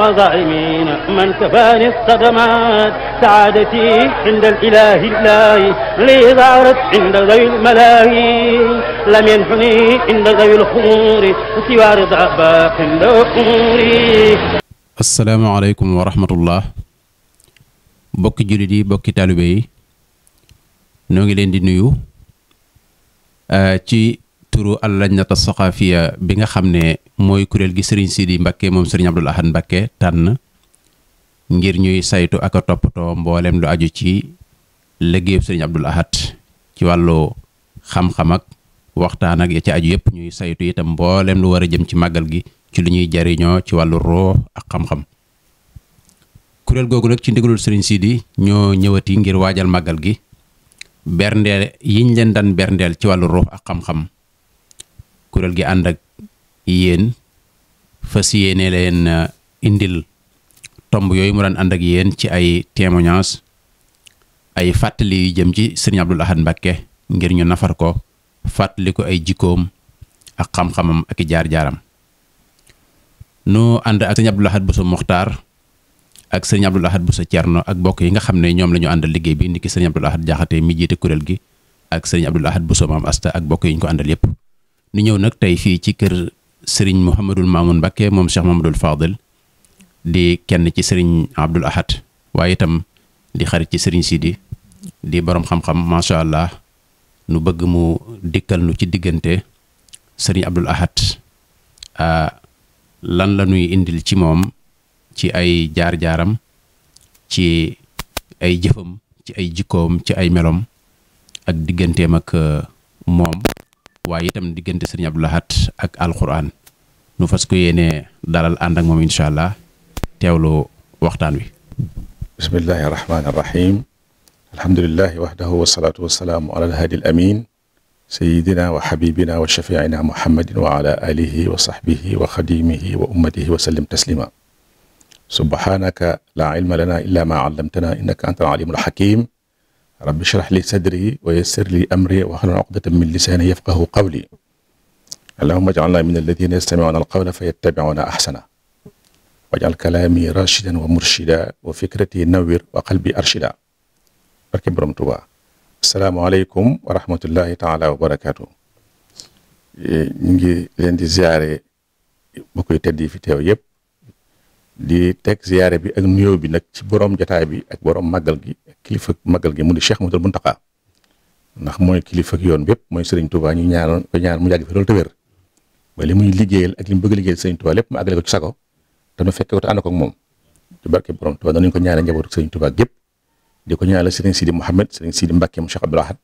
وظالمين من كفاني الصدمات سعادتي عند الإله الله لي ظهرت عند ذوي الملاهي لم ينحني عند ذوي الخمور سوى رضا باق أموري السلام عليكم ورحمة الله bokki jullit yi bokki taalibe yi ñoo ngi leen di nuyu ci turu Al-Lajnat As-Saqafiya bi nga xam ne mooy kuréel gi sëriñ Sidi Mbacke moom sëriñ Abdoul Ahad Mbacke tànn ngir ñuy saytu aka toppatoo mboolem lu aju ci liggéeyu sëriñ Abdoul Ahad ci wàllu xam-xam ak waxtaan ak ya ci aju yëpp ñuy saytu itam mbooleem lu war a jëm ci màggal gi ci lu ñuy jariñoo ci wàllu ruux ak xam kuréel googu nag ci ndigalul sëriñ Sidi ñoo ñëwati ngir waajal màggal gi berndeel yiñ leen daan berndeel ci wàllu ruux ak xam-xam kuréel gi ànd ak yéen fas yéene leen euh, indil tomb yooyu mu daan ànd ak yéen ci ay témoignages ay fàttali yu jëm ci sëriñ Abdoul Ahad Mbacké ngir ñu nafar ko fàttali ko ay jikkoom ak xam-xamam ak i jaar-jaaram nu ànd ak sëriñ Abdoul Ahad Bousso Mokhtar ak sëriñ Abdoul Ahad Bousso Thierno ak bokk yi nga xam ne ñoom la ñu àndal liggéey bi ndiki sëriñ Abdoul Ahad Diakhaté mi jiite kuréel gi ak sëriñ Abdoul Ahad Bousso Maam Asta ak bokk yiñ ko àndal yëpp. ñu ñëw nag tey fii sëriñ Mouhamadul Mamoun Mbakke moom Cheikh Mouhamadul Fadil di kenn ci sëriñ Abdul Ahad waaye itam di xarit ci sëriñ Sidi di borom xam-xam macha allah nu bëgg mu dikkal nu ci diggante sëriñ Abdul Ahad ah, lan la nuy indil ci moom ci ay jaar-jaaram ci ay jëfam ci ay jikkoom ci ay meloom ak digganteem ak moom waaye itam diggante sëriñ Abdou Lahad ak alxuraan nu fas ko yéene dalal moom incha allah teewlu waxtaan wi. bismillahi rahmaani rahim alhamdulilahi wahdahu wasalaatu wasalaamu ala alhaadi al amin sayidina wa xabibina wa shafiina muhammadin wa ala alihi wa saxbihi wa xadimihi wa ummatihi rabbi shrah li sadri wa yassir li amri wahlul uqdatan min lisani yafqahu qawli allahumma ij'alna min alladhina yastami'una alqawla fayattabi'una ahsana waj'al kalaami rashidan wa murshida wa fikrati nawwir wa qalbi arshida barke borom Tuubaa asalaamaaleykum wa rahmatullahi taala wa barakaatu eh, ñu ngi leen di ziare bokk yi tedd yi fi teew yëpp di teg ziyaare bi ak nuyoo bi nag ci boroom jataay bi ak boroom màggal gi kilifa màggal gi mu di Cheikh Mouhamadoul taxa ndax mooy kilifa ak yoon bépp mooy Serigne Touba ñu ñaanal ko ñaan mu yàgg fi loolu te wér ba muy liggéeyal ak li mu bëgg liggéeyal Serigne Touba lépp mu àggale ko ci sago te nu fekke te ànd ko moom ci barke borom Touba noonu ñu ko ñaanal njabootu Serigne Touba gépp di ko ñaanal Serigne Sidi Mouhamed Serigne Sidi Mbacké mu Cheikh Abdoul Ahad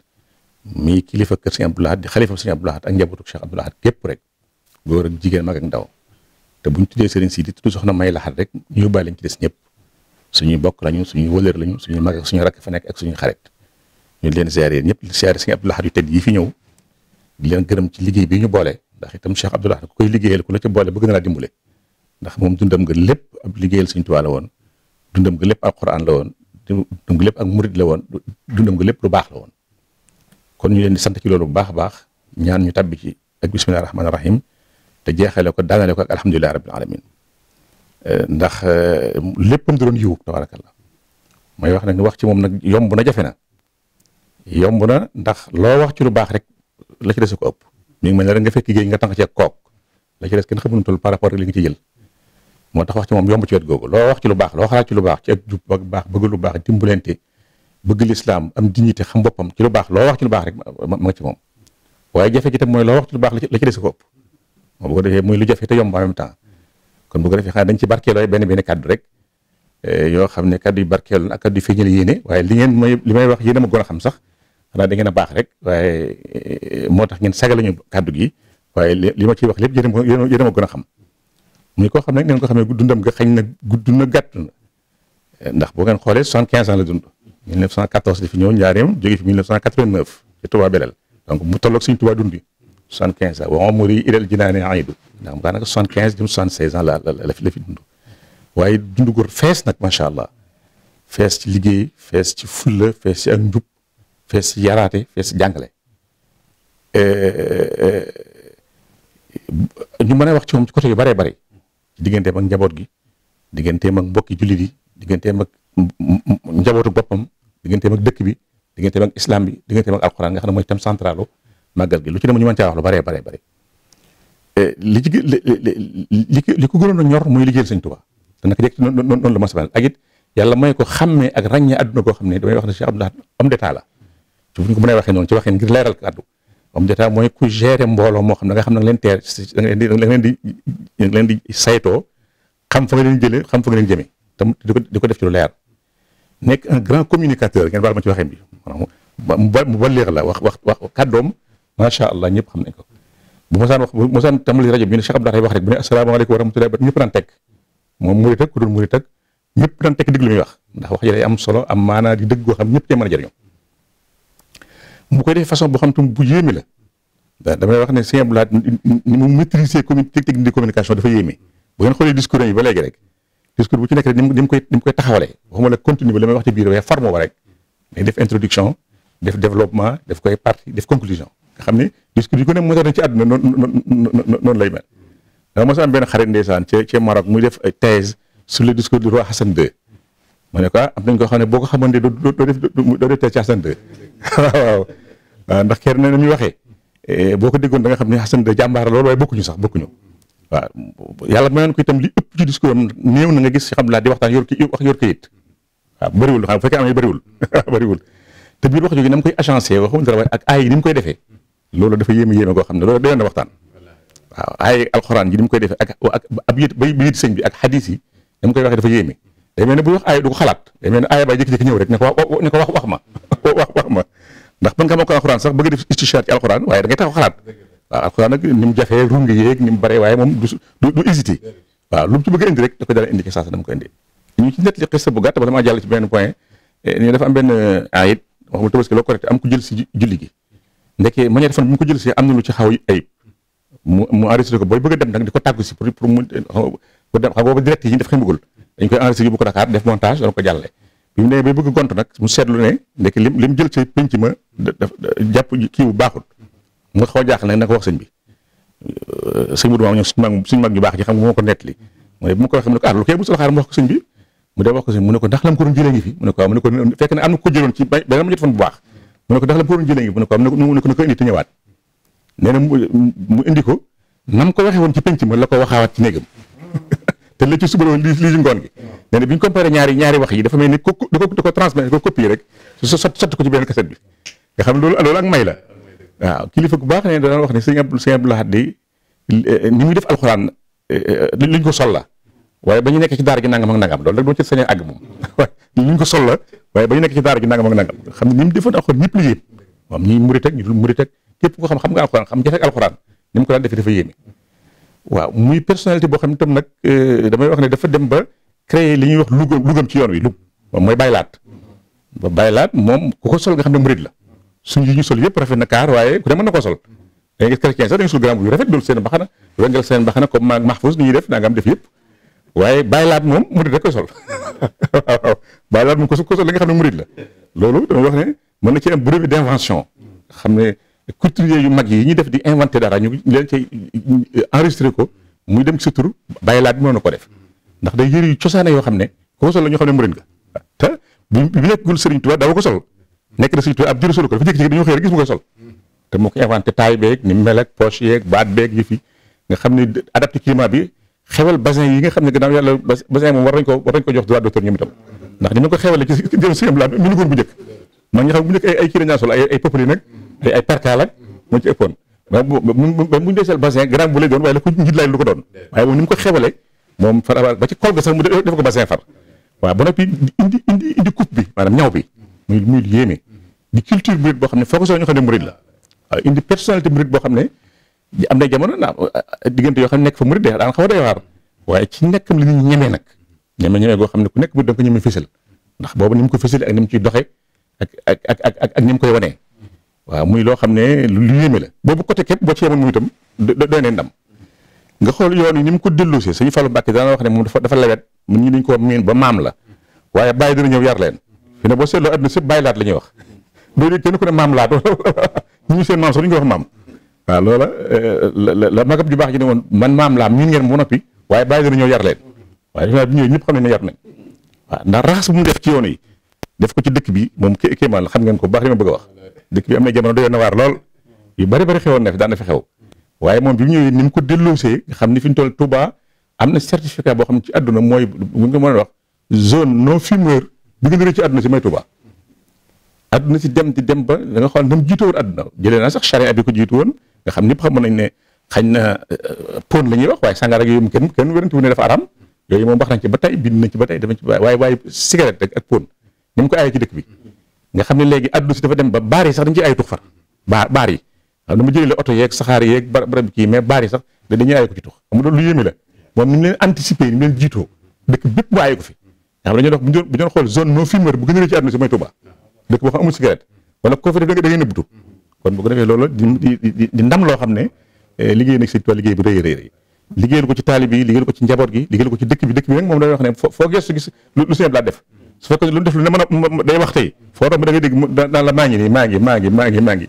mi kilifa kër Serigne Abdoul Ahad di xalifa Serigne Abdoul Ahad ak njabootu Cheikh Abdoul Ahad gépp rek góor ak jigéen mag ndaw te buñ tuddee sëriñ si di tudd soxna may laxat rek ñu yóbbaale ñu ci des ñëpp suñuy bokk lañu suñu wëlër lañu suñuy mag ak suñu rakk fa nekk ak suñu xarit ñu leen ziare ñëpp ziare sëriñ Abdou Lahad yu tedd yi fi ñëw di leen gërëm ci liggéey bi ñu boole ndax itam Cheikh Abdou ku koy liggéeyal ku la ci boole bëgg na laa dimbale ndax moom dundam nga lépp ab liggéeyal Sëriñ Tuubaa la woon dundam nga lépp ak Alxuraan la woon dundam nga lépp ak murid la woon dundam nga lépp lu baax la woon kon ñu leen di sant ci loolu bu baax a baax ñaan ñu tàbbi ci ak bismillaahi rahmaani rahim te jeexale ko daanale ko ak alhamdulilah rabbil alamin eh, ndax eh, léppam di doon yiw tabarakallah mooy wax nag wax ci moom nag yomb na jafe na yomb na ndax loo wax ci lu baax rek la ci des ko ëpp mi ngi mel rek nga fekk géej nga tànq ci kook la ci des kenn xamunatul par rapport li nga ci jël moo tax wax ci moom yomb ci wet googu loo wax ci lu baax loo xalaat ci lu baax ci ak jub ak baax bëgg lu baax dimbalante bëgg lislaam am dignité xam boppam ci lu baax loo wax ci lu baax rek ma nga ci moom waaye jafe gi tam lu baax la ci des ko ëpp moom bu ko defee muy lu jafe te yomb en même temps kon bu ko defee xanaa dañ ci barkeeloo benn benn kàddu rek eh, yoo xam ne kàddu yu barkeeloon ak kàddu yu feeñal yéene waaye li ngeen may li may wax yéen a ma a xam sax xanaa da a baax rek waaye eh, moo tax ngeen sagal ñu kaddu gi waaye li ma ci wax lépp yéen a ma gën a xam muy koo xam ne ngeen ko xam ne dundam nga xañ na gudd na gàtt na eh, ndax boo ngeen xoolee soixante quinze ans la dund 1914 la fi ñëw njaareem jóge fi 1989 ci Touba Belel donc 75 la wa umri ilal jinaani aidu ndax daanaka 75 jëm 76 ans la la la fi dund waaye dundu góor fees nag macha allah fees ci liggéey fees ci fulla fees ci ak njub fees ci yaraate fees ci jàngale. Eh, eh, ñu mën a wax ci moom ci côté yu bëree bëri digganteem ak njaboot gi digganteem ak mbokki jullit yi digganteem ak njabootu boppam digganteem ak dëkk bi digganteem ak islam bi digganteem ak alxuraan nga xam ne mooy thème central màggal gi lu ci dem ñu mën caa wax lu baree baree bare eh, li ci li li ko gënoon a ñor muy liggéeyal sëñ Tuubaa te naka jekk noonu noonu la ma sabal ak ko xam may ko xàmmee ak ràññee adduna goo xam ne damay wax na Cheikh Abdou Lahad homme d'état la ko mënee waxee noonu ci waxee ngir leeral kàddu homme d'état mooy ku gérer mbooloo moo xam ne nga xam ne nga leen teer da leen di sayto xam fa nga leen jëlee xam fa nga leen jëmee te di ko def ci lu leer nekk un grand communicateur ngeen baal ma ci waxee bi maanaam mu balleex la wax wax wax kàddoom macha allah ñëpp xam nañ ko bu mosaan wax bu mosaan tàmbali rajo bi ñu ne Cheikh Abdoulaye wax rek bu ne asalaamaaleykum wa rahmatulah ba ñëpp daan teg moom murit ak ku dul murit ak ñëpp daan teg déglu muy wax ndax wax ji am solo am maanaa di dëgg goo xam ñëpp tey mën a jëriñoo mu koy def façon boo xam tam bu yéeme la da damay wax ne Cheikh laa ni mu maîtriser commune technique de communication dafa yéeme bu ngeen xoolee discours léegi rek discours bu ci nekk rek ni mu koy ni mu koy taxawalee waxuma la wax ci biir waaye forme ba def introduction def développement def koy partie def conclusion nga xam ne discours yi ko ne mos a def ci àdduna noonu lay mel dama mos a am benn xarit ndeysaan ca ca Maroc muy def thèse sur le discours du roi Hassan II ne ko ah, am nañ ko xam ne boo ko xamoon de doo def doo def thèse ci Hassan II waaw ah, ndax keer na ni muy waxee eh, boo ko déggoon da nga xam ne Hassan II jàmbaar loolu waaye bokkuñu sax bokkuñu waaw yàlla mayoon ko itam li ëpp ci discours am néew na nga gis xam laa di waxtaan yor ki wax yor kayit waaw bëriwul xam bu fekkee am na bëriwul bëriwul te biir wax jooju na mu koy agencé waxuñ dara waaye ak ay ni mu koy defee loolu dafa yéeme yéeme koo xam ne loolu doyoon na waxtaan waaw ay alxuraan ji ni mu defee ak ak ab yit bay yit sëñ bi ak xadis yi koy waxee dafa yéeme day mel ne buy wax aaya du ko xalaat day mel ne aaya ba jékki-jékki ñëw rek ne ko wax ne wax wax ma wax wax ma ndax ba nga xam ko alxuraan sax bëgg def istishaar ci alxuraan waaye da ngay taxaw xalaat waaw alxuraan nag ni bare waaye moom du du waaw lu bëgg indi rek da ko daan indi saasa dama ko indi ñu ci nettali xis bu gàtt ba dama jàll ci benn point ñu eh, dafa am benn aayit eh, wax mu tabaski loo correct am ku jël si julli gi ndeke manière fan bu mu ko jël si am na lu ci xaw ayib mu mu enregistré ko booy bëgg dem nag di ko tàggu si pour pour mu pour dem xam boobu direct yi def xëy dañ koy enregistré ko Dakar def montage doon bi mu ne bay bëgg gont nag mu seetlu ne ndeke lim lim jël ci baaxul a jaaxle na ko wax bi sëñ Modou Maam ñoom fekk ne am na ko jëloon ci ba nga ma jot bu baax mu ne ko ndax la borom jëlee mu ne ko am mu ne ko na indi te ñëwaat mu indi ko nam ko waxee woon ci penc ma la ko waxaawaat ci néegam te la ci suba la woon lii lii ngoon gi nee bi ñu comparé ñaari ñaari wax yi dafa mel ni ko da ko da ko transmettre ko copier rek so sotti ko ci benn cassette bi nga xam loolu ak may la waaw kilifa bu baax nee na daan wax ne sëñ Abdou sëñ Abdou Lahad di eh, eh, ni muy def alxuraan eh, luñ ko sol la waaye ba ñu nekk ci daara gi nangam ak nangam loolu rek doo ci sañee àgg moom li ñu ko sol la waaye ba ñu nekk ci daara gi nangam ak nangam xam ne ni mu defoon képp ko xam xam nga alxuraan ko daan defee dafa yéeme waaw muy personnalité boo xam ne tam nag euh, damay wax ne dafa dem ba créer li ñuy wax lugam lugam ci yoon wi lug moom mooy baylaat ba baylaat moom ku ko sol nga xam ne la suñ yi ñu sol yëpp rafet na kaar waaye ku na koo sol da ngay gis chrétien sax dañu sol grand bu rafet dul seen mbaxana wengal seen def naa am def yëpp waaye bàyyilaat moom murid rek koy sol waaw bàyyilaat moom ko ko sol li nga xam ne murid la loolu dama wax ne mën na ci am brevet d'invention xam ne couturier yu mag yi ñu def di inventé dara ñu leen cay euh, enregistré ko muy dem ci sa tur bàyyilaat na ko def ndax day yëri yu cosaane yoo xam ne ko ko sol la ñoo xam ne mu murid nga te bi nekkul Sëriñ Tuubaa dawa ko sol nekk na Sëriñ Tuubaa ab diiru solu ko dafa jékki-jékki dañoo xëy rek gis mu koy sol te moo ko inventé taay beeg ni mu mel ak poche yeeg baat beeg yëf yi nga xam ne adapté climat bi xewal bassin yi nga xam ne gannaaw yàlla bassin moom war nañ ko war nañ ko jox droit d'auteur ñoom itam ndax ni ñu ko la ñaan sol ay ay pëppali nag ay ay perkaal ak moo ci ba bu ko njiit ko doon waaye moom ni mu ko xewalee moom far ba ci kol sax mu def ko bassin far waaw ba noppi indi indi indi coupe bi ñaw bi muy muy yéeme di culture murid boo xam ne foo ko soo ñu xam ne murid la indi personnalité murid boo xam ne am na jamono na uh, uh, diggante yoo xam nekk fa de daan xaw a doy waaye ci nekkam li ñu ñemee nag ñeme ñeme goo xam ne ku nekk murid dafa ñeme ndax boobu ni ko fësal ak ni mu ciy doxee koy wanee waaw muy loo xam ne lu yéeme la boobu côté képp boo ci yemoon muy tam doy ne ndam nga xool yoon yi ni mu ko delloosee suñu Fallou Mbacke daana wax ne moom dafa dafa lewet mu ñi dañ ko miin ba maam la waaye bàyyi dina ñëw yar leen fi ne boo seetloo àdduna sëpp bàyyi laat la ñuy wax loolu kenn ku ne maam laat ñu seen maam sax duñ ko wax maam waaw loola eh, la la magam ju baax ji ne woon man maam laam ñun ngeen mu noppi waaye bàyyi dana ñëw yar leen waaye dafa ñëw ñëpp xam ne yar nañ waaw ndax raxas bu mu def ci yoon yi def ko ci dëkk bi moom kéemaan la xam ngeen ko baax li bëgg wax dëkk bi am na jamono doyoon na waar lool yu bari bari xewoon na fi daana na fi xew waaye moom bi mu ñëwee ni mu ko delloosee nga xam ni fi ñu toll Touba am na certificat boo xam ne ci àdduna mooy bu nga mën a wax zone non fumeur bi gën a rëy ci àdduna si mooy Touba adduna si dem di dem ba da nga xool na jiitoo jiitu woon àdduna jëlee naa sax charia bi ko jiitu woon nga xam ñëpp xam ne xañ na euh, pon la ñuy wax waaye sàngara ak yooyu kenn kenn wérantu ne dafa wax ba tey bind ba tey dama ci waaye waaye cigarette rek ak pon mu xam ne léegi àdduna si dafa dem ba baar ba baar yi xam na ma jëlee oto yeeg saxaar yeeg barab kii mais baar yi sax da mu leen anticiper ni mu leen jiitoo dëkk bépp mu aaye ko fi nga xam ne dañoo bu ñu xool zone non fumeur bu gën a ci àdduna si mooy Touba dëkk boo xam amul cigarette wala koo fi def da ngay kon bu ko defee loolu di di di ndam loo xam ne eh, liggéey nag Sëriñ liggéey bi rëy a rëy liggéeyal ko ci taalib yi liggéeyal ko ci njaboot gi liggéeyal ko ci dëkk bi dëkk bi nag moom dañuy wax ne foo gëstu gis lu seen laa def su fekkee lu def lu ne wax tey foo romb da ngay dégg daan la maa ngi maa ngi maa ngi maa ngi maa ngi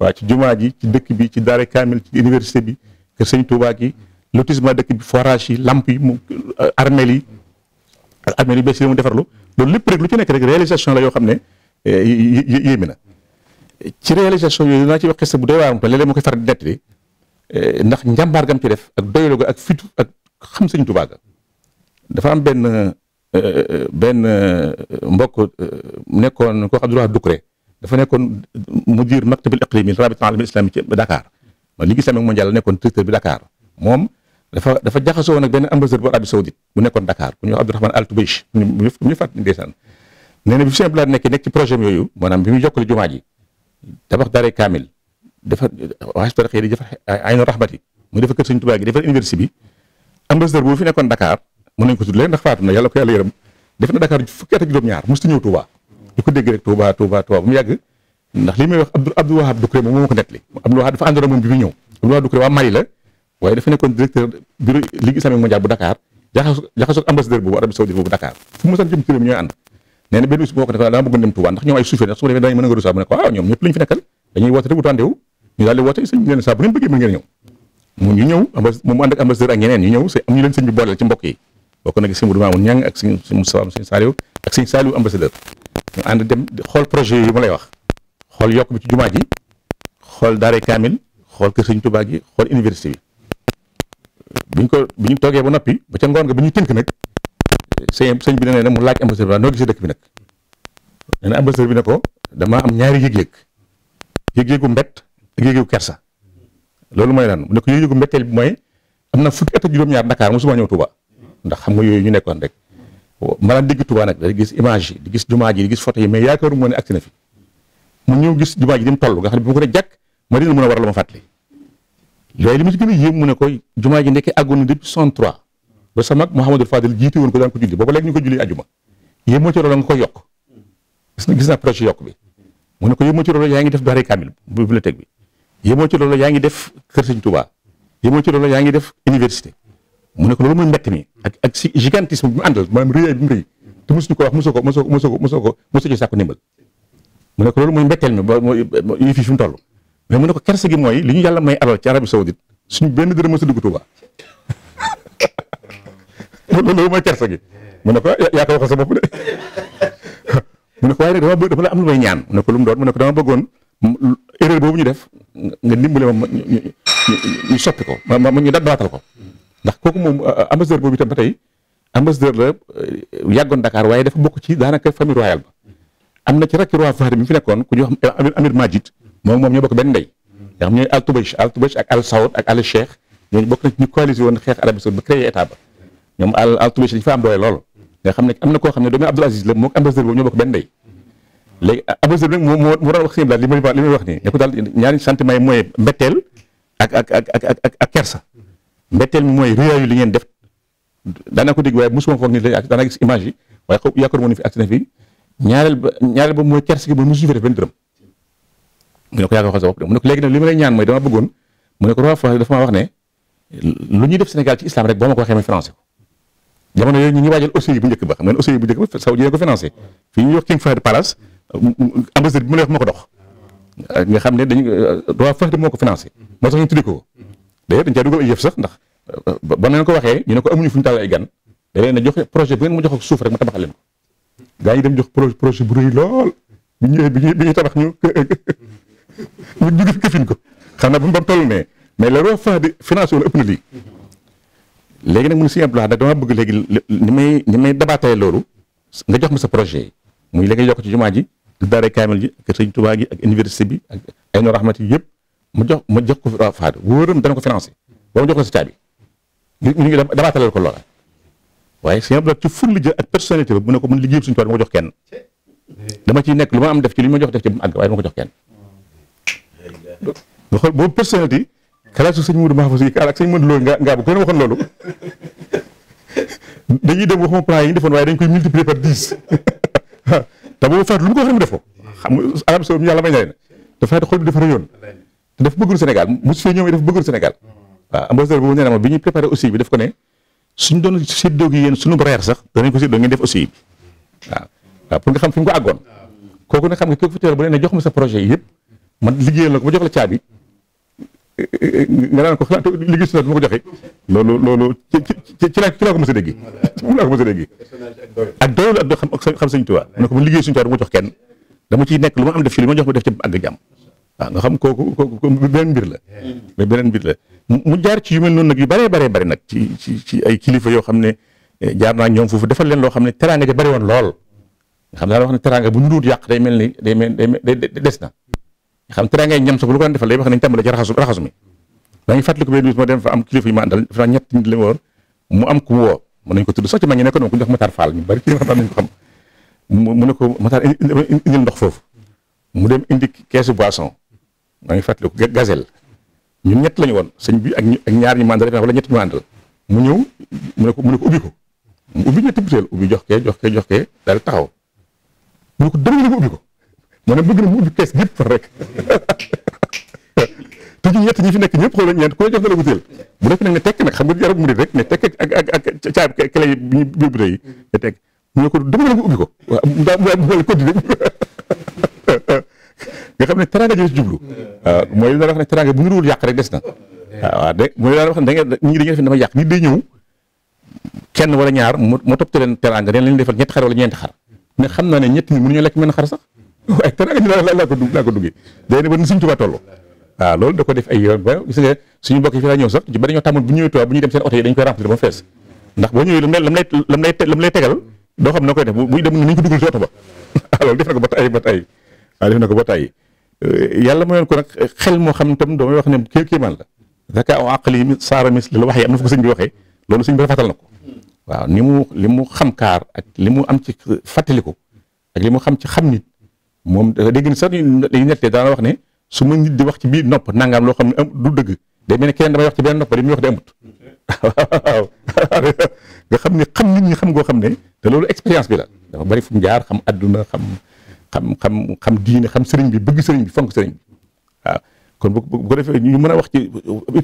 waaw ji dëkk bi ci daara kaamil ci bi kër Sëriñ Tuubaa gi lotissement dëkk bi yi lamp yi mu armel yi armel yi bees mu defarlu loolu lépp rek lu ci nekk rek réalisation la yoo xam ne eh, yéeme na ci réalisation yooyu dinaa ci wax kese bu doy waar te léeg-léeg ma koy faral di dett bi eh, ndax njàmbaar gam ci def ak doylu ga ak fitu ak xam sëñ Tuubaa dafa am benn eh, eh, benn mbokk nekkoon ko Abdoulaye Doucouré dafa nekkoon mudir maktabil iqlimi rabita alam islami ci Dakar ma ligue islamique mondiale nekkoon bi Dakar moom dafa dafa jaxasoo nag benn ambassadeur bu Arabie Saoudite bu nekkoon Dakar ku ñuy wax Abdourahmane Al Toubéch ñu ñu fàttali ndeysaan nee na bi fi seen nekk nekk ci projet yooyu maanaam bi muy jokkale jumaa ji tabax daaree kaamil defar waa Hizbut-Tarqiyyah di defar Aynu Rahmati mu defar kër Sëñ Tuubaa gi defar université bi ambassadeur bu fi nekkoon Dakar ko tudd léegi ndax faatu na yàlla ko na Dakar fukki ñaar mosut ñëw Touba di ko dégg rek ba mu yàgg ndax li may wax Abdou Abdou Wahab Doucouré moom moo ko nettali Abdou Wahab dafa àndoon moom bi mu ñëw Abdou Wahab nekkoon directeur bureau Ligue islamique mondiale bu Dakar jaxasoo ambassadeur boobu Arabie Saoudite boobu Dakar fu mu mosaan jëm ci ñooy ànd nee na benn bis boo ko defee daa bëggoon dem Touba ndax ñoom ay suufee ndax su ko defee danañ mën a ngóoru saabu ne waaw ah, ñoom ñëpp lañu fi nekkal dañuy woote rek wutaan ñu daal di woote sëñ bi ñëw mu ñu ñëw amba bi booleel ci mbokk yi bokk nag sëñ Modou Mamoun Ñang ak sëñ Moustapha ak sëñ Saliou ambassadeur ñu ànd dem xool projet yi ma lay wax xool yokk bi ci jumaa ji xool daare kaamil xool kër sëñ Touba gi xool université bi buñ ko bi ñu toogee ba noppi ba ca ngoon bi ñu tënk nag sëñ sëñ bi nee na mu laaj ambassadeur bi nag nee na ambassadeur bi ne damaa am ñaari yëg-yëg yëg-yëgu mbett ak yëg-yëgu kersa loolu mooy lan ne ko yëg-yëgu mbetteel bi mooy am na fukki at ak juróom-ñaar Dakar mosuma ñëw Touba ndax yooyu ñu nekkoon rek ma daan dégg Touba nag da gis image di gis jumaa ji di gis photo yi mais yaakaaru moo ne agsi na fi mu ñëw gis jumaa ji di mu toll nga xam ne bu ko ne jàkk ma dina mën a war la ma fàttali yooyu li mu ci gën a yéem mu ne koy jumaa ji nekk àggoon na depuis 63 ba sa mag Mouhamadou Fadil jiite woon ko daan ko julli booba léegi ñu ko julli ajuma yéen moo ci rolo nga ko yokk gis na projet yokk bi mu ne ko ci rolo yaa ngi def daaray kaamil bibliothèque yaa ngi def kër Sëñ Tuubaa yéen yaa ngi def université mu ne ko loolu mbett mi ak ak si gigantisme bi mu àndal maanaam rëyaay bi mu rëy te mosuñu ko wax mosoo ko mosoo ko mosoo ko mosoo ko mosoo ci sàkku ndimbal mu ne ko loolu mooy mbetteel mi ba yi fi fi mu ñu benn dërëm mës loolu na kersa gi eh. mu ne ko yaa ko waxal sa bopp de mu ne ko waaye dama bëgg dafa la am lu ñaan mu ne ko lu mu doon mu na ko dama bëggoon erreur boobu ñu def nga dimbale ma ñu soppi ko ma ñu dat baatal ko ndax kooku moom ambassadeur boobu itam ba tey ambassadeur la euh, yàggoon Dakar waaye dafa bokk ci daanaka famille royale ba am na ci rakki roi Fahd mi fi nekkoon ku ñuy wax Amir Majid moom moom ñoo bokk benn ndey nga xam ñooy Al Toubache Al ak Al Saoud ak Al Cheikh ñooñu bokk ñu coalisé woon xeex Arabie Saoudite ba créé ñoom al xam ne am na koo xam ne moom ambassadeur boobu ñoo bokk benn ndey léegi ambassadeur bi nag moo moo doon wax seen daal li may li mooy mooy réew yu li ngeen def daanaa ko dégg waaye mosuma foog ni la ak daanaa gis image yi waaye xaw yaakaar moo ne fi accident fi ñaareel ba ñaareel ba fa def benn dërëm mu ne ko yaakaar sa bopp mu ne ko léegi nag li ma lay ñaan mooy dama bëggoon mu ne ko roi France dafa ma wax ne lu ñuy def Sénégal ci islam rek boo ma ko waxee ma français jamono yooyu ñu ngi waajal OCI bu njëkk ba xam ngeen OCI bu njëkk ba saw ji ko financé fii ñuy wax King Fahd Palace euh, mu lay wax moo ko dox nga xam ne dañu waa euh, Fahd moo ko financé moo tax ñu tuddee ko d'ailleurs dañ caa sax ndax euh, ba neen ko waxee ñu ne ko amuñu fu ñu taal ay gan da a joxe projet bu ngeen ma jox ak suuf rek gaa ñi dem jox projet bu rëy lool bi ñëwee bi ñuy tabax ñu ñu gëf këfin ko xam naa ba mu toll ne mais la roo Fahd financé woon ëpp na lii léegi nag mun si implant da dama bëgg léegi li may li may dabaatee loolu nga jox ma sa projet yi muy léegi yokk ci jumaa ji ak daara kaamil ji ak sëñ Tuubaa gi ak université bi ak ay no rahmat yi yëpp mu jox ma jox ko faatu wóoram dana ko financé ba ma jox ko sa caabi ñu ñu dabaataleel ko loola waaye sëñ Abdoulaye ci ful jël ak personnalité ba mu ne ko mën liggéey suñu Tuubaa dama ko jox kenn dama ci nekk lu ma am def ci li ma jox def ci bu mu àgg waaye dama ko jox kenn boobu personnalité kalaasu sëñ Moudou Mahfouz yi ak sëñ Moudou Lo nga ngaa bu ko waxoon loolu dañuy dem waxuma plan yi defoon waaye dañ koy multiplier par dix te boobu Fatou lu mu ko wax mu xam nga arab saudi yàlla may na leen dafa xol bi dafa rëyoon te dafa bëggul Sénégal mu su fee bëggul Sénégal waaw ambassadeur boobu nee na ma bi ñuy aussi bi daf ko ne suñ doon séddoo gi yéen suñu reer sax danañ ko séddoo ngeen def aussi bi pour nga xam fi mu ko àggoon kooku nag xam nga kooku fa teewal bu ne jox ma sa projet yi yëpp man liggéey la ko ba jox la caabi nga naan ko xalaat liggéey si ma ko joxe loolu loolu ci laa ko mos a dégg ci laa ko mos a dégg ak doylu ak doo xam xam sëñ waa mu ne ko mu liggéey suñu te du ma jox kenn dama ci nekk lu ma am def ci li ma jox ma def ci àgg jàmm waaw xam kooku kooku beneen mbir la mais beneen mbir mu jaar ci yu mel noonu nag yu bëree bëree bëri nag ci ci ci ay kilifa yoo xam ne eh, jaar naa ñoom foofu defal leen loo xam ne teraanga ja bëri woon lool nga xam daal wax ne teraanga bu ñu dul yàq day mel ni day mel day des na xam te daa ngay ñam sa bu lu ko daan defal day wax nañ tàmbale ci raxasu raxasu mi maa ngi dem fa am kilifa yu ma àndal dafa ñett nañ ko tudd sax ci ma ngi nekkoon ku ñu wax Matar mu ne ko Matar indil ndox foofu mu dem indi keesu boisson maa ngi fàttaliku gazelle ñu ñett lañu woon sañ bi ak ak ñaar ñu màndal wala ñett ñu màndal mu ñëw mu ne ko mu ubbi ko mu ubbi ñetti butéel ubbi jox ke jox kee jox ke daal taxaw mu ne ko dëgg la nga ubbi ko mu ne bëgg na mu ubbi kees gépp far rek te ñett ñi fi nekk ñëpp xoolal ñeent ku ne na la bu nekk nag ne tekk xam nga jarab murid rek ne tekk ak ak ak ñu biir butéel yi ne ko dama la ko xam ne teranga jëlee si jublu waaw mooy dara wax ne teranga bu niruwul yàq rek des na waaw de mooy dara wax ne da ngeen ñi dañuy def ne dama yàq nit day ñëw kenn wala ñaar mu toppatoo leen teranga dañ leen defal ñetti xar wala ñeenti xar ne xam naa ne ñett ñi mënuñu lekk mën xar sax ak teraanga suñ Tuubaa loolu da ko def ay yoon ba gis nga suñu mbokk bu ñëwee Tuubaa bu ñuy dem seen oto yi dañ koy remplir na ko dugal ci oto ba ah, loolu na ko ba tay ba tay waaw ah, def ko ba tay eh, yàlla nag xel moo xam tam damay wax ne kii kéemaan la zaka o aqli mi saara mis la wax yi am na fu ko sëñ bi waxee loolu sëñ bi rafetal na ko waaw ni mu li mu xam kaar ak li mu am ci ko ak li mu xam ci xam nit moom dafa dégg ni sax dañuy ñettee daana wax ne su ma nit di wax ci biir nopp nangam loo xam ne am du dëgg day mel kenn keneen damay wax ci benn nopp ba li muy wax di amut nga xam ne xam nit ñi xam goo xam ne te loolu expérience bi la dafa bari fu mu jaar xam adduna xam xam xam xam diine xam sëriñ bi bëgg sëriñ bi fonk sëriñ bi waaw kon bu ko defee ñu mën a wax ci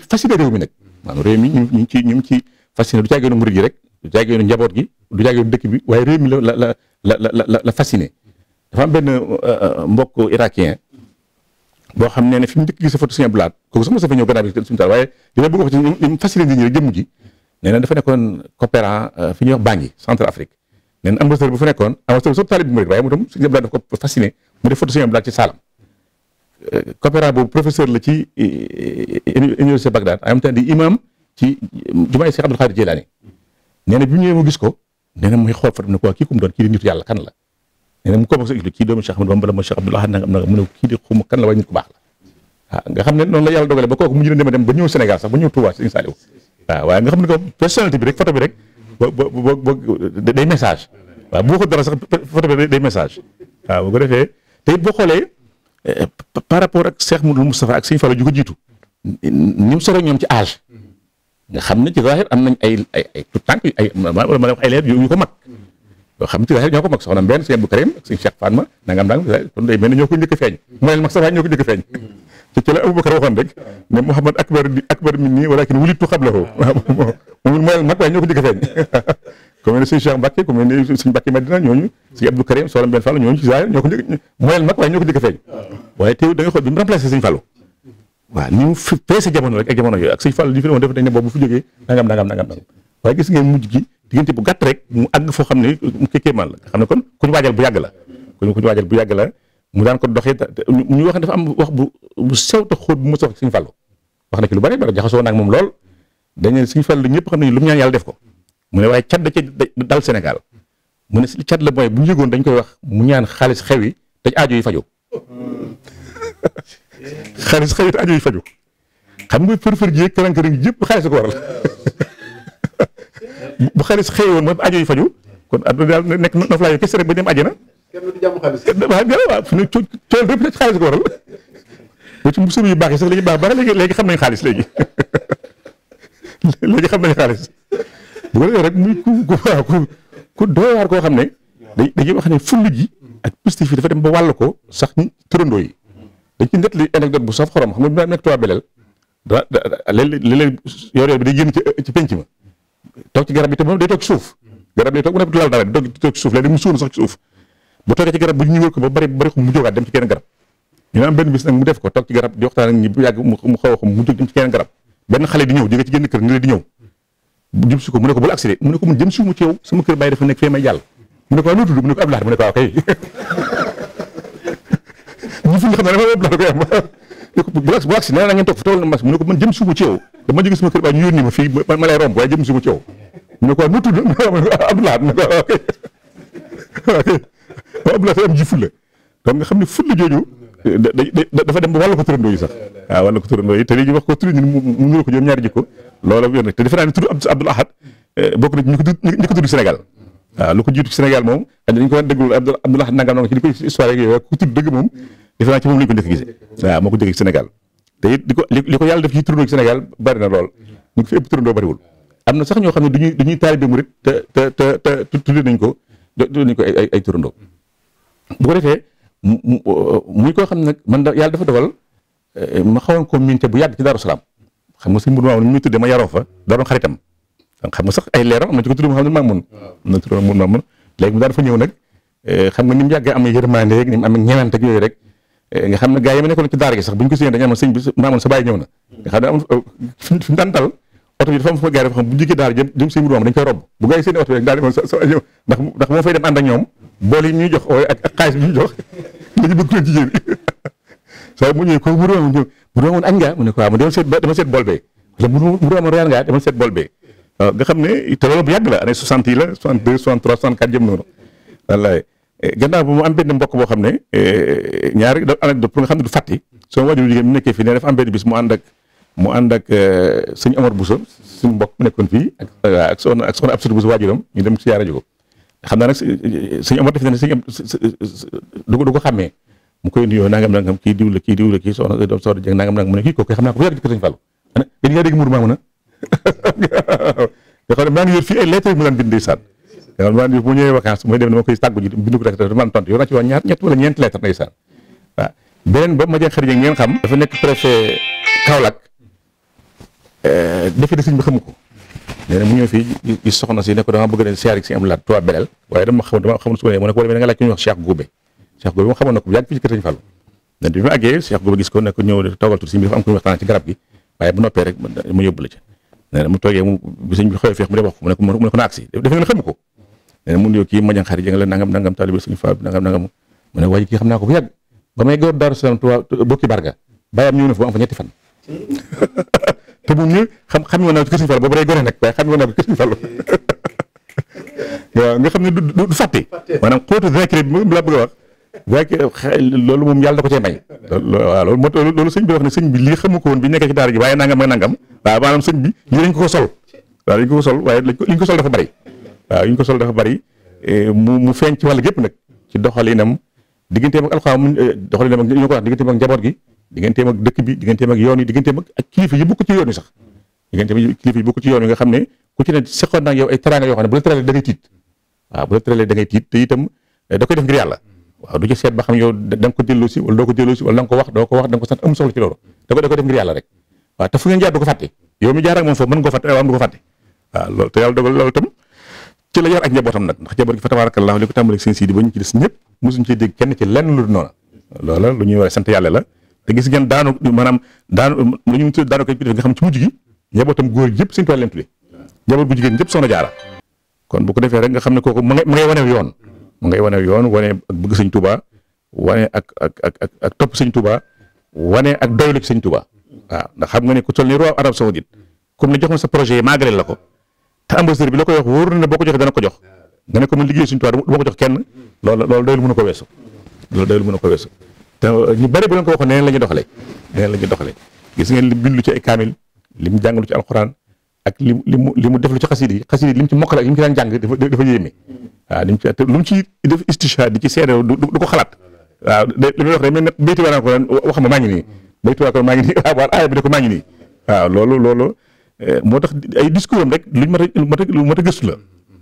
fasciné réew mi nag maanaam réew mi ñu ci ñu ci fasciné du caageenu murid yi rek du caageenu njaboot gi du caageenu dëkk bi waaye réew mi la la la la la fasciné dafa am benn euh, euh, euh, mbokk irakien boo xam ne ne fi mu njëkk gis sa photo Sëñ Abdou Lahad kooku sama sa fa ñëw gannaaw bi suñu taal waaye li ma ñu facilité nit ñi rek jëmm ji nee na dafa nekkoon coopérant fi ñuy wax centre Afrique nee na bu fa nekkoon ambassadeur soo taalib bi mu rek waaye mu tam Sëñ Abdou Lahad ci saalam coopérant boobu professeur la ci université Bagdad en même temps di imam ci jumaay Cheikh Abdou Khadir Jilani nee na bi mu ñëwee mu gis ko nee mu muy xool fa ne ko kii ku mu doon kii di yàlla kan la nee na mu commencé expliqué kii doomu Cheikh Ahmadou Bamba la mooy Cheikh mu ne kii de xuma kan la waaye nit ku baax la nga xam ne noonu la yàlla dogale ba kooku mujj na dem a dem ba ñëw Sénégal sax ba ñëw Touba Serigne Saliou waaw waaye nga xam ne comme ba ba ba day message waaw bu waxul dara sax photo bi day message waaw rapport ak Cheikh Moudou Moustapha ak Serigne Fallou ju ko jiitu ni mu ñoom ci âge nga xam ne ci zahir am nañ ay ay ay tout tànk ay ma ma wax ay leer yu ko mag xam ci waaye ñoo ne ñoo ko a feeñ mu ne mag safa ñoo ko njëkk a feeñ ci mm-hmm. ci la Aboubacar waxoon a feeñ ku mel ne sëñ Cheikh Mbacke ku mel ne sëñ Karim soxna mbenn Fallou ñooñu ci zaahir a ñu mm-hmm. fi woon def dañ ne boobu fu jógee nangam nangam nangam waaye gis ngeen mujj gi diggante bu gàtt rek mu àgg foo xam ne mu man la nga xam ne kon ku ñu waajal bu yàgg la kon ku ñu waajal bu yàgg la mu daan ko doxee ñu wax dafa am wax bu bu sew te xóot bu mos a wax wax na lu bari bari jaxasoo naag moom lool dañu ne Sëñ ñëpp xam nañu lu mu ñaan yàlla def ko mu ne waaye cat da dal Sénégal mu ne li cat la mooy bu ñu yëgoon dañ koy wax mu ñaan xaalis xew yi te aajo yi faju xaalis xew yi te aajo yi faju xam nga fër-fër ji yëpp karankaran xaalis ko waral bu xaalis xëyoon mooy aajo yi faju kon àdduna daal nekk noflaayu kese rek ba dem àjjana. kenn du jàmm xaalis. waaw waaw waaw fi mu ne coo coo lépp ci xaalis ko waral ba ci mbusul yu baax yi sax léegi baax baax léegi léegi xam nañ xaalis léegi léegi xam nañ xaalis bu ku ku ku koo xam ne dañuy dañuy wax ne full ji ak positif yi dafa dem ba wàll ko sax ñu turandoo yi dañ ci nettali anecdote bu saf xorom xam nga bi ma nekk Tuubaa Beleel da da léeg-léeg yor-yor bi day génn ci penc ma. toog ci garab bi te moom day toog suuf garab nekk du laal dara doog toog ci suuf léegi mu suunu sax ci suuf bu toogee ci garab bu ñu wër ko ba bari bari xum mu jógaat dem ci keneen garab ñu am benn bis nag mu def ko toog ci garab di waxtaan ak ñi mu xaw a xum mu jóg dem ci keneen garab benn xale di ñëw la di si ko mu ne ko bul accédé mu ne ko jëm si mu ci yow sama kër bàyyi dafa nekk fee may jàll mu ne ko loo tudd mu ne ko Abdoulaye mu ne ko waaw ñu fi nga xam ne dafa Abdoulaye ko yam ne ko bu bu agsi nee na ngeen toog fa tool na mas mu a ko man jëm suufu ci yow dama jóge sama kër ba ñu yónni ma fii ma lay romb waaye jëm suufu ci yow mu ne ko nu tudd Abdoulaye ne ko Abdoulaye sa ji fulla donc nga xam ne fulla jooju ba wàllu ko turandoo yi sax waaw wàllu ko turandoo yi te léegi wax ko turi ñun mu nuru ko ñoom ñaari jikko loolu yoon te defe naa ne tudd Abdoul Ahad eh, bokk na ñu ko tudd waaw lu ko jiitu Sénégal moom xëy na dañu ko déggul Abdoulaye nangam nangam ci li koy histoire yeeg yooyu ku tudd dëgg moom defe ci moom la ñu ko njëkk gisee waaw moo ko jëkk Sénégal te it di ko li ko yàlla def ci turandoo ci bari na lool ñu ko fi ëpp am na sax ñoo xam ne duñuy duñuy taalibe murit te te te te tuddee nañ ko tuddee nañ ko ay ay turandoo ko defee muy koo xam ne man da yàlla dafa dogal eh, ma xawoon ko miin te bu yàgg ci Daaru Salaam xam nga suñu mbirum maam ni muy tuddee ma yaroo fa daroon xaritam donc xam nga sax ay leeram am na ci ko tudd Mouhamadou Mamoun am na tudd Mouhamadou Mamoun léegi mu daal dafa ñëw nag eh, xam nga ni mu am yërmande rek ni mu amee ñewante ak yooyu eh, xam ne gars yi ma nekkoon ci daara sax bu ñu ko séen am sëñ bi nga xam ne am eh, fi mu daan bu jógee daara jëm jëm sëñ bi dañ koy robb bu gars yi seen oto bi rek daal sa dem ànd ak ñoom bool yi ñuy jox ak xaalis bi ñuy jox dañu bëgg ko jigéen saa bu ñëwee ko bu doon bu doon añ nga mu ne ko waaw mu demal seet dama seet bool bee wala bu doon reer seet bool bee Euh, nga xam ne te loolu bu yàgg la année yi la 62 63 64 jëm noonu wallaay eh, gannaaw ba mu am benn mbokk boo xam ne eh, ñaari anecdote xam ne du fàtti sama waajur jigéen mu fii ne dafa am benn bis mu ànd ak mu ànd ak eh, sëñ Omar Bousso suñu mbokk mu nekkoon fii ak ak soxna ak ñu dem siyaare ji ko xam na ne sëñ du ko du ko xàmmee mu koy nuyoo kii kooku xam ko bu yàgg ci ko sëñ Fallou dégg Mourou Mamouna nga xam ne maa ngi yor fii ay lettre mu daan ñëwee vacance mooy dem dama koy tàggu ji bind ko rek man tontu yor naa ci woon ñaar ñett ma jël xarit ngeen xam dafa nekk préfet Kaolack defe eh, de bi xamu ko nee na mu ñëw fii i soxna si ne ko dama bëgg leen siyaar si am laat trois belel waaye dama xam dama xamul su ma nee mu ne ko wala yàgg fii kër sëñ Fallou dan bi ma àggee Cheikh Goubé gis ko ne ñëw toogal tur si bi dafa am ko ñu waxtaan ci garab gi waaye bu noppee rek mu yóbbu la ci nee na mu toogee mu sëñ bi xoolee feex mu de wax ko mu ne ko mu ne ko na agsi dafa ngeen ko nee na mu nuyoo kii majan xarit jënga la nangam nangam taalibe sëñ Fall nangam nangam mu ne waa ji xam naa ko bu yàgg ba may góor Daaru Salaam Tuubaa bokki barga bàyyam ñëw na fa am fa ñetti fan te bu ñu xam xam woon naa ko kër sëñ Fall boobu day gore nag waaye xam woon naa ko kër sëñ xam ne du fàtte maanaam xóotu zakiré bi la bëgg a wax fekk loolu moom yàlla da ko cee may waaw loolu moo loolu sëñ bi wax ne sëñ bi lii xamu ko woon bi nekkee ci daara ji waaye nangam ak nangam waaw maanaam sëñ bi lii dañ ko ko sol waaw dañ ko ko waaye lañ ko ko sol dafa bari waaw e, mu mu feeñ ci wàll gépp nag ci doxalinam digganteem ak alxaam e, doxalinam ak ñu ko wax digganteem ak njaboot gi digganteem dëkk bi digganteem ak yoon yi digganteem ak kilifa yi bokk ci yoon yi sax digganteem kilifa yi bokk ci yoon yi nga xam ne ku ci ne seqoon naa yow ay teraanga yoo xam ne bu la teralee da ngay tiit waaw bu e, yàlla waaw du ci seet ba xam yow da nga ko dellu si wala doo ko dellu wax doo ko wax da ko sant amul ci loolu da ko def ngir yàlla rek waaw te fu ngeen jaar ak njabootam nag ndax njaboot gi fa tabarakallah li ko tàmbali kenn ci lenn lu a sant yàlla la te gis ngeen daanu maanaam daanu lu ñu tudd daanu ko def nga xam ci mujj gi njabootam góor yëpp kon bu ko defee rek nga xam ne kooku ma ngay wane yoon mu ngay wane yoon wane ak bëgg sëñ Touba wane ak ak ak ak ak topp sëñ Touba wane ak doylu ci sëñ Touba waaw ndax xam nga ne ku toll ni roi Arab Saoudite comme ne jox ma sa projet yi màggaleel la ko te ambassadeur bi la koy wax wóor na ne boo ko joxee dana ko jox nga ne ko man liggéey sëñ Touba du ma ko jox kenn loolu loolu doylu mën a ko weesu loolu doylu mën a ko weesu te uh, ñu bëri bu leen ko waxoon neneen la ñuy doxalee neneen la ñuy doxalee gis ngeen li bindu ci ay kaamil li mu jàngalu ci alxuraan ak li li mu li mu def lu ci xasida yi xasida yi li mu ci mokkal ak li mu ci daan jàng dafa dafa yéeme waaw li mu ci lu mu ci def istishaad di ci seede du ko xalaat waaw li muy wax rek mel ne ko wax ma maa ngi maa ngi nii waaw eh, moo tax ay discours rek luñ mat a mat a lu a gëstu la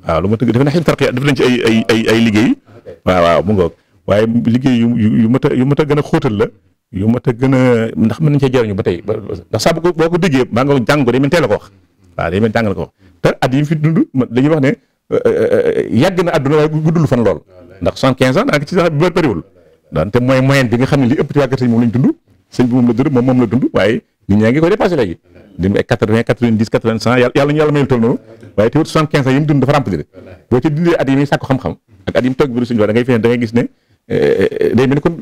waaw lu mat a defe naa xel nañ ci ay ay ay ay liggéey waaw mu ngoog waaye liggéey yu yu mat yu mat a gën a xóotal la yu mat gën a ndax mën nañ cee ba tey ndax saa bu ko boo ko déggee maa nga jàng ko day mel teel a wax waaw day mel te at yi fi dund dañuy wax ne euh, euh, euh, yàgg na àdduna waaye guddul fan lool ndax soixante quinze ans daanaka ci sax bi bëriwul daan te mooy moyenne cent ñu yàlla mayul toll noonu waaye te wut soixante quinze ans yi mu dund dafa remplir boo ci dindee gis ne day mel kon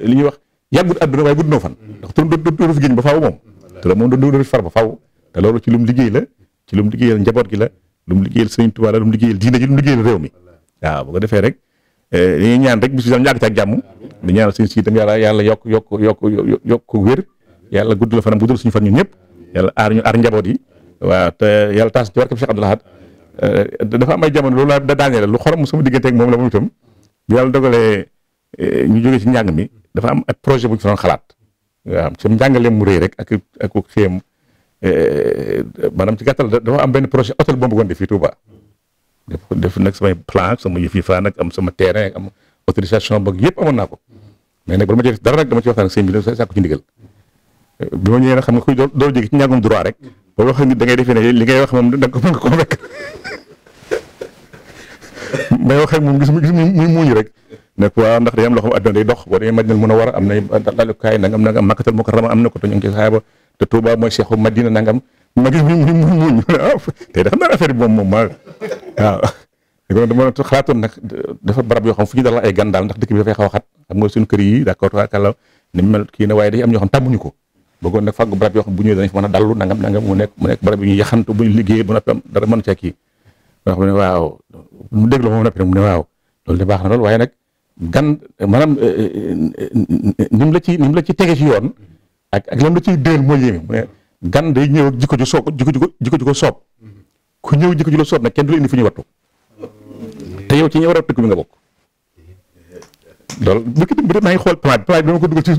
li wax yàggut àdduna waaye gudd noo fan ndax turam dootu fi génn ba faaw moom te moom dootu fi far ba faaw te loolu ci lum liggéey la ci lu mu liggéeyal njaboot gi la lu mu liggéeyal sëriñ Tuubaa la lu mu liggéeyal diine ji lu mu liggéeyal réew mi waaw bu ko defee rek eh, dañuy ñaan rek bis bi tam ñu àgg ci ak jàmm di ñaanal yàlla yàlla yokk yokk yokk yokk ko yàlla gudd la fanam guddal suñu fan ñun ñëpp yàlla aar njaboot yi waaw te yàlla taas ci barkeb Cheikh eh, dafa am ay jamono loolu laa da daaneel lu xorom sama diggante ak moom la moom tam bu yàlla dogalee eh, ñu jógee ci njàng mi dafa am projet bu ñu fa xalaat waaw ci njàngaleem mu rëy rek ak ak xéem Eh, eh, maanaam ci gàttal dafa am benn projet hôtel boo bëggoon def fii Touba. def ko def nag samay plan ak sama yëf yi faa nag am sama terrain am autorisation boog yëpp amoon naa ko. mais nag bala ma ci dara nag dama ci waxtaan a sëñ bi ne sàkku ci ndigal eh, bi ma ñëwee nag xam nga kuy doo doo jóge ci ñàggum droit rek boo wax nit da ngay defee ne li ngay wax moom da nga ko mën nga convaincre may wax ak muy muuñu rek ne ko waaw ndax day am loo xam adduna day dox boo demee a a am na ko te ñu ngi ci saaba te da ma waaw léegi nag dafa barab yoo xam fu ñu dalal ay gan daal ndax dëkk xaw a xat xam nga suñu kër yi d'accord kala ni mel waaye day am ñoo xam tàmmuñu ko bëggoon nag fàggu barab yoo xam bu ñëwee danañ fa mën a dallu nangam nangam mu nekk mu nekk barab yi ñu yaxantu bu ñu liggéey bu noppi am dara mën cee mu déglu moom noppi ne waaw loolu de baax na lool waaye nag gan maanaam euh, euh, euh, ni mu la ci ni la ci tege ci yoon ak ak lam la ciy déel mooy yéeme mu ne gan day ñëw ak jikko soo jikko ju jikko ko soob ku ñëw jikko ju la soob nag kenn du la indi fu ñuy wattu te yow ci ñëw war a tëkk bi nga bokk loolu bu ki dem bi maa ngi xool plan bi plan ko dugal ci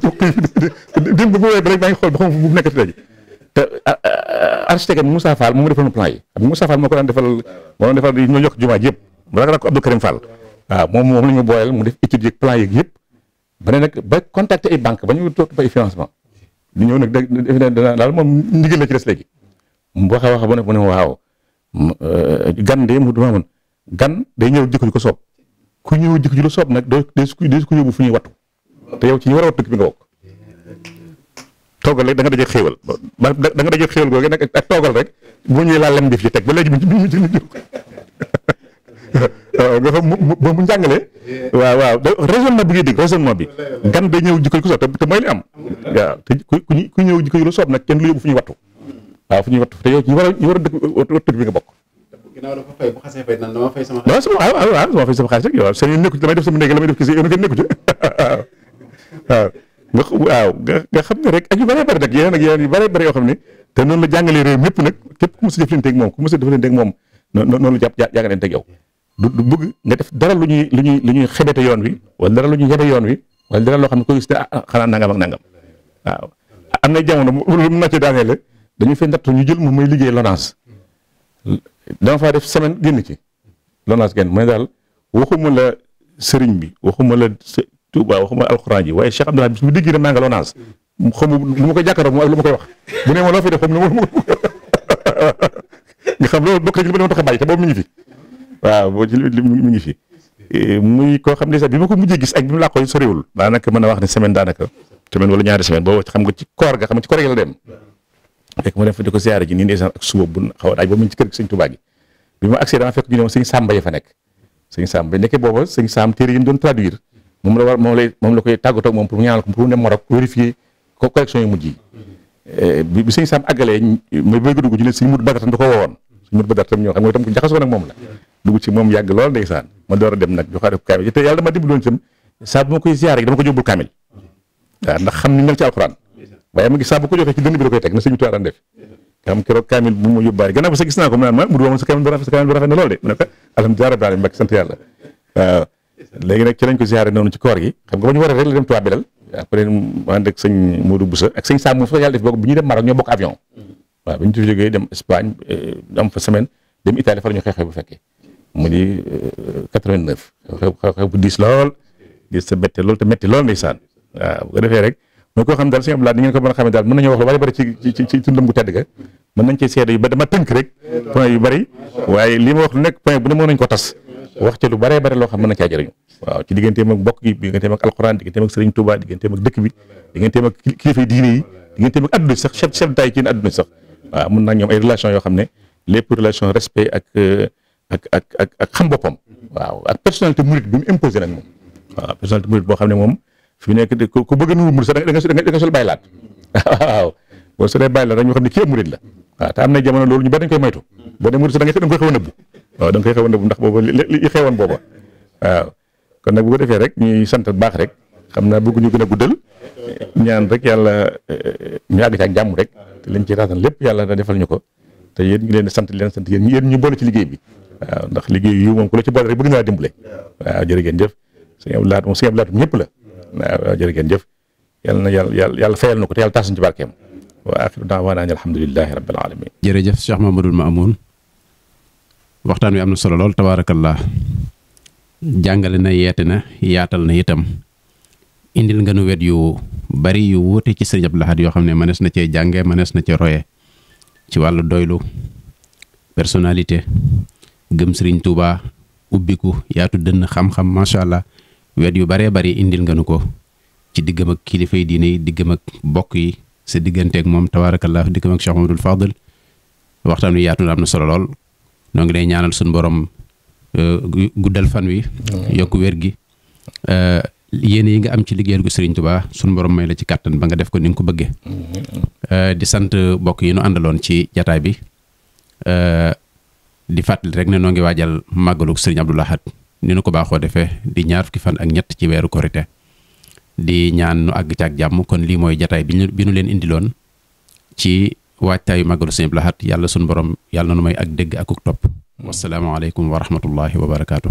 dim bu wéy ba rek maa ngi xool ba xam fu nekkati laji te architecte Moussa Fall moom mu defoon plan yi Moussa Fall moo ko daan defal moo daan defal ñoo yokk jumaa ji yëpp mu rak ko Abdou Karim Fall waaw moom moom la ñu booyal mu def étude yeeg plan yeeg yëpp ba ne nag ba contacter ay banque ba ñu toog ay financement di ñëw nag da daal moom ndigal la ci des léegi mu wax a wax ba ne mu ne waaw euh, gan de mu dama mën gan day ñëw jikko ko soob ku ñëw jikko ji lu nag doo day su ko yóbbu fu ñuy wattu te yow ci ñu war a wattu dëkk bi toogal da nga daje xéewal da nga daje xéewal googu nag ak toogal rek boo ñëwee laa lem def ci teg ba léegi bi ñu ci waaw nga fa mu mu mu njàngalee. waaw waaw raisonnement bi ngay dégg raisonnement bi. gan day ñëw jikko ku te mooy li te ku ku ñëw jikko yu la soob nag kenn lu yóbbu fu ñuy fu ñu war a ñu war a dëkk dëkk bi nga bokk. ginnaaw dafa fay bu xasee fay nan dama fay sama. waaw yow def sama néeg la may def kii si yoon kenn nekku ci waaw. nga xam ne rek ak yu bëree bëri yoo xam ne te noonu la jàngalee réew mépp nag képp ku mos a jëflanteeg moom ku mos a jëflanteeg moom noonu la jàngaleen teg yow du du bëgg nga def dara lu ñuy lu ñuy lu ñuy xebete yoon wi wala dara lu ñuy yebe yoon wi wala dara loo xam ne ko gis ne ah xanaa nangam ak nangam am na jamono lu mu ci daaneel dañu fay ndatt ñu jël moom may liggéey Lonase dama faa def semaine génn ci Lonase génn mooy daal waxuma la sëriñ bi waxuma la Tuuba waxuma alxuraan ji waaye Cheikh Abdoulaye bis mu digg na maa nga Lonase xamu lu ma ko jàkkaaroo moom ak lu ma koy wax bu ne ma loo fi def xam nga loolu na ci li ma boobu mi ngi fi. waaw boo jël mu ngi fi. Eh, muy koo xam ne sax bi ma ko mujjee gis ak bi mu làqoo soriwul daanaka mën a wax ne semaine daanaka semaine wala ñaari semaine boobu xam nga ci koor ga xam nga ci koor gi la dem fekk ma dem fa di ko ziare ji xaw a daaj ba mu ci kër gi sëñ Tuubaa gi bi fa nekk sëñ Sàmba nekkee yi ñu doon traduire moom la war moom lay moom la koy tàggatoo moom pour ñaanal ko pour mu dem Maroc eh, bi may bëgg dugg ñu ne sëñ Mut Badar tam da ko wowoon sëñ Mut Badar tam ñoo xam nga tam ko jaxasoo nag moom la dugg ci moom yàgg lool ndeysaan ma door a dem nag joxaare ko kaamil te yàlla dama dimbali woon saa bu ma koy ziar rek dama ko jóbbul ci alxuraan ngi bi la koy teg na sëñ bu ma yóbbaale gannaaw ba sa gis naa ko mu naan ma mu doon sa kaamil bu rafet sa bu rafet na lool de mu ne ko alhamdulilah rabbil alamin mbak sant yàlla waaw léegi nag ci lañ ko ziaré noonu ci koor gi xam nga ba ñu war a rek la dem Tuubaa Belal après ànd ak sëñ Sam fa yàlla def bokk bu ñuy dem Maroc ñoo bokk avion waaw bi ñu jógee dem Espagne eh, am fa semaine dem Italie bu fekkee mu di euh, quatre-vingt-neuf xew xew bu diis lool diis sa bette lool te metti lool ndeysaan waaw bu ko defee rek mooy koo xam daal sëñ Abdoulaye ni ngeen ko mën a xamee daal mën nañoo wax lu bari bari ci ci ci tundam nañ waaye li ma wax lu nekk bu ne mën nañ ko tas wax ci lu bare bari loo xam mën na caa jëriñu waaw ci digganteem ak mbokk gi digganteem ak alxuraan digganteem ak Serigne Touba digganteem ak dëkk bi digganteem ak kilifa diine yi digganteem ak adduna sax chef chef daay ci adduna sax waaw mën naa ñoom ay relation yoo xam ne lépp relation respect ak euh, ak ak xam boppam waaw ak personnalité murit bi mu imposé nag moom waaw personnalité murit boo xam ne moom fi nekk ku bëgg nu murit sax da nga da nga sol bàyyi laat waaw boo solee bàyyi laat rek ñu xam ne kii la waaw am na jamono loolu ñu bari dañ koy moytu boo xew a nëbbu waaw da nga koy xew a nëbbu ndax booba li xewoon booba waaw kon nag bu defee rek ñuy sant baax rek xam naa bëgg ñu gën a guddal ñaan rek yàlla eh, ñu àgg ci ak jàmm rek te liñ ci raatan lépp yàlla na defal ñu ko te yéen ñu leen sant leen sant yéen ñu boole ci liggéey bi waaw ndax liggéey yi moom ku la ci boole rek bëgg naa dimbale waaw jërë ngeen jëf sëñ Abdou Lahat moom ñëpp la waaw jërë ngeen jëf yàlla na yàlla yàlla fayal na ko te yàlla taas ñu ci barkeem wa axiru daawaana an alhamdulilahi rabbil alamin jërëjëf Cheikh Mamadou waxtaan wi am na solo lool tabaarakallah jàngale na yeete na yaatal na itam indil nga nu wet yu bari yu wuute ci sëñ Abdou Lahat yoo xam ne mënees na cee jànge mënees na cee roye ci wàllu doylu personnalité gëm sëriñ Touba ubbiku yaatu dënn xam-xam macha allah wet yu baree bari indil nga nu ko ci diggam ak kilifa yi diine yi diggam ak bokk yi sa digganteeg moom tabaarakallah diggam ak Cheikh Mamadou Fadel waxtaan wi yaatu na am na solo lool noo ngi lay ñaanal suñu borom euh, guddal fan wi. yokk wér gi. Euh, yéene yi nga am ci liggéeyal gu Serigne Touba suñ borom may la ci kàttan ba nga def ko ni nga ko bëggee. Euh, di sant mbokk yi nu àndaloon ci jataay bi. di fàttali rek ne noo ngi waajal màggalug sëriñ Abdou Lahad ni nu ko baaxoo defee di ñaar fukki fan ak ñett ci weeru ko korite di ñaan nu àgg ci ak jàmm kon lii mooy jataay bi ñu bi ñu leen indiloon ci waajtaayu màggalu sëriñ Abdou Lahad yàlla sunu borom yàlla na nu may ak dégg akuk topp wassalaamu aleykum wa rahmatullahi wa barakaatu.